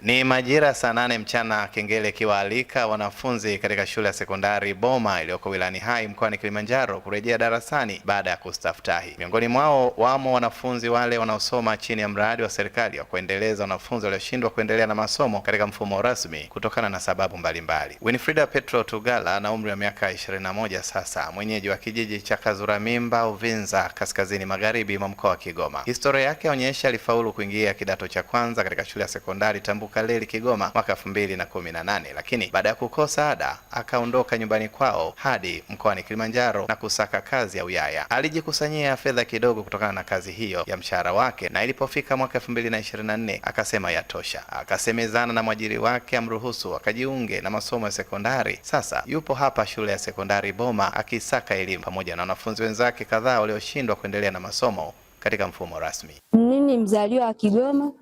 Ni majira saa nane mchana, kengele ikiwaalika wanafunzi katika shule ya sekondari Boma iliyoko wilayani Hai mkoani Kilimanjaro kurejea darasani baada ya kustaftahi. Miongoni mwao wamo wanafunzi wale wanaosoma chini ya mradi wa serikali wa kuendeleza wanafunzi walioshindwa kuendelea na masomo katika mfumo rasmi kutokana na sababu mbalimbali. Winfrida Petro Tugala ana umri wa miaka 21 sasa, mwenyeji wa kijiji cha Kazuramimba, Uvinza, kaskazini magharibi mwa mkoa wa Kigoma. Historia yake aonyesha alifaulu kuingia kidato cha kwanza katika shule ya sekondari Tambu Bukaleli Kigoma mwaka 2018 lakini baada ya kukosa ada akaondoka nyumbani kwao hadi mkoani Kilimanjaro na kusaka kazi ya uyaya. Alijikusanyia fedha kidogo kutokana na kazi hiyo ya mshahara wake, na ilipofika mwaka 2024 akasema yatosha. Akasemezana na mwajiri wake amruhusu akajiunge na masomo ya sekondari. Sasa yupo hapa shule ya sekondari Boma akisaka elimu pamoja na wanafunzi wenzake kadhaa walioshindwa kuendelea na masomo katika mfumo rasmi. Mimi mzaliwa wa Kigoma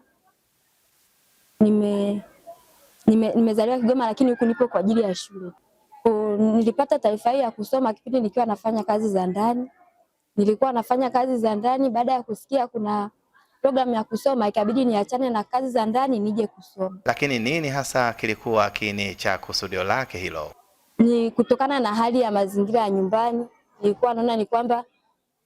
nime, nime, nimezaliwa Kigoma lakini huku nipo kwa ajili ya shule. Nilipata taarifa hii ya kusoma kipindi nikiwa nafanya kazi za ndani. Nilikuwa nafanya kazi za ndani, baada ya kusikia kuna programu ya kusoma ikabidi niachane na kazi za ndani nije kusoma. Lakini nini hasa kilikuwa kiini cha kusudio lake hilo? Ni kutokana na hali ya mazingira ya nyumbani, nilikuwa naona ni kwamba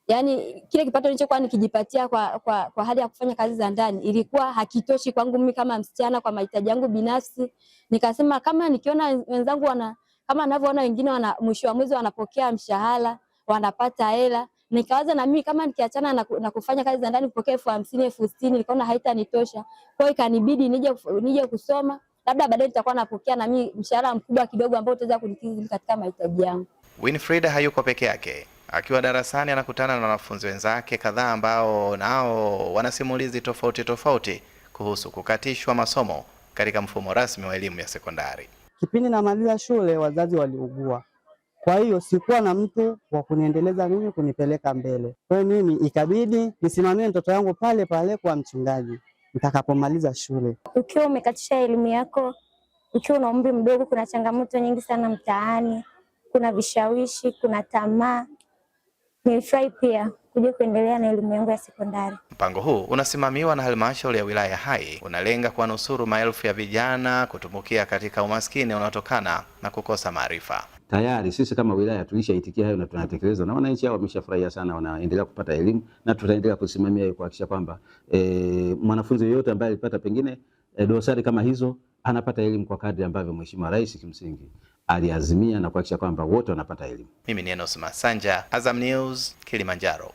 yani kile kipato nilichokuwa nikijipatia kwa, kwa, kwa hali ya kufanya kazi za ndani ilikuwa hakitoshi kwangu mimi kama msichana kwa mahitaji yangu binafsi. Nikasema kama nikiona wenzangu wana kama ninavyoona wengine wana mwisho wa mwezi wanapokea mshahara, wanapata hela, nikawaza na mimi kama nikiachana na, na kufanya kazi za ndani kupokea elfu hamsini elfu sitini nikaona haitanitosha. Kwa hiyo ikanibidi nije nije kusoma, labda baadaye nitakuwa napokea na mimi mshahara mkubwa kidogo ambao utaweza kunikidhi katika mahitaji yangu. Winfrida hayuko peke yake Akiwa darasani anakutana na wanafunzi wenzake kadhaa ambao nao wana simulizi tofauti tofauti kuhusu kukatishwa masomo katika mfumo rasmi wa elimu ya sekondari. Kipindi namaliza shule, wazazi waliugua, kwa hiyo sikuwa na mtu wa kuniendeleza mimi, kunipeleka mbele. Kwa hiyo mimi ikabidi nisimamie mtoto yangu pale pale kwa mchungaji nitakapomaliza shule. Ukiwa umekatisha elimu yako ukiwa una umri mdogo, kuna changamoto nyingi sana mtaani, kuna vishawishi, kuna tamaa Nilifurahi pia kuja kuendelea na elimu yangu ya sekondari. Mpango huu unasimamiwa na halmashauri ya wilaya Hai, unalenga kuwanusuru maelfu ya vijana kutumbukia katika umaskini unaotokana na kukosa maarifa. Tayari sisi kama wilaya tulishaitikia hayo na tunatekeleza, na wananchi hao wameshafurahia sana, wanaendelea kupata elimu na tutaendelea kusimamia hiyo kuhakikisha kwamba e, mwanafunzi yeyote ambaye alipata pengine e, dosari kama hizo anapata elimu kwa kadri ambavyo Mheshimiwa Rais kimsingi aliazimia na kuhakikisha kwamba wote wanapata elimu. Mimi ni Enos Masanja, Azam News, Kilimanjaro.